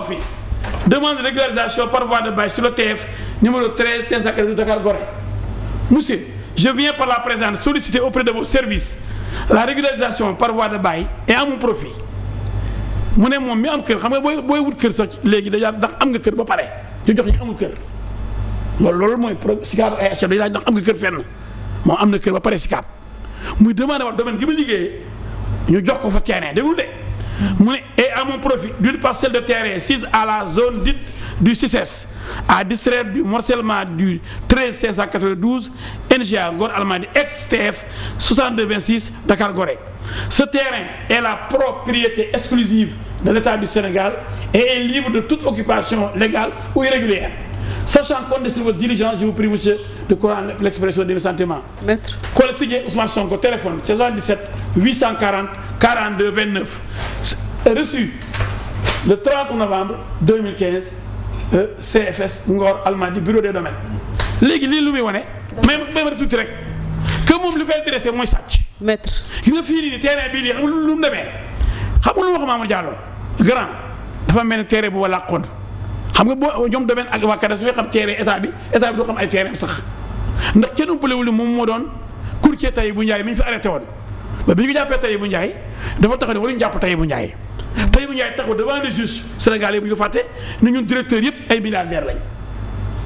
Sofi demande de régularisation par voie de bail sur le TF numéro 13 542 Dakar Gorée Monsieur je viens par la présente solliciter auprès de vos services la régularisation par voie de bail et à profit mu ne moom mi am kër xam nga booy booy wut kër sax léegi dañuy ndax am nga kër ba pare ñu jox ñu amul kër loolu loolu mooy SICAP ay HLM dañuy laaj ndax am nga kër fenn moom am na kër ba pare SICAP muy demandé wax domaine gi ma ñu jox ko fa terrain déglu de. mu ne et de terrain sise à la zone dite du CICES à distraire du morcellement du 13 592 NGA Ngor Almadi ex-TF 6226 Dakar Gorée. la propriété exclusive de l'État du Sénégal et est libre de toute occupation légale ou irrégulière. Sachant compte de votre diligence, je vous prie, monsieur, de couronner l'expression reçu le 30 novembre 2015 euh, CFS Ngor Almadies bureau des domaines léegi lii lu muy wane. mais même même tuuti rek que moom li ko intéressé mooy sàcc. maître nga fii nii terrain bii nii xam nga lu mu demee xam nga lu wax Mamadou Diallo grand dafa mel ni terrain bu ma làqoon xam nga boo ñoom domaine ak waa CADAS ñooy xam terrain état bi état bi doo xam ay terrain sax ndax kenn umpalewul ni moom moo doon courtier Tahibou Ndiaye mi ñu fi arrêté woon ba bi ñu ko jàppee Tahibou Ndiaye dafa tax ne waruñu jàpp Tahibou Ndiaye. Bayrou Ndiaye taxaw devant le juge Sénégal yi bu ñu ko fàtte ñun directeur yëpp ay milliardaires lañ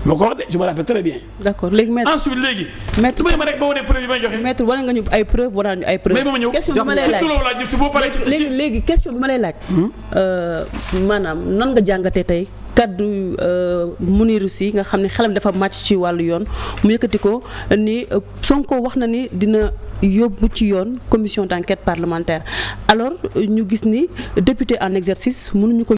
moo ko wax de je me rappelle très bien. d' accord léegi maître ensuite léegi. maître li ma rek boo wane preuve yi may joxe. maître war nga ñu ay preuve war ñu ay preuve. mais ma ñëw question bi ma lay laaj léegi léegi question bi ma lay laaj. Hmm? Euh, maanaam nan nga jàngatee tey kaddu euh, Mounirou Sy nga xam ne xelam dafa màcc ci wàllu yoon mu yëkkati ko ni euh, Sonko wax na ni dina yóbbu ci yoon commission d'enquête parlementaire alors euh, ñu gis ni député en exercice mënuñu ko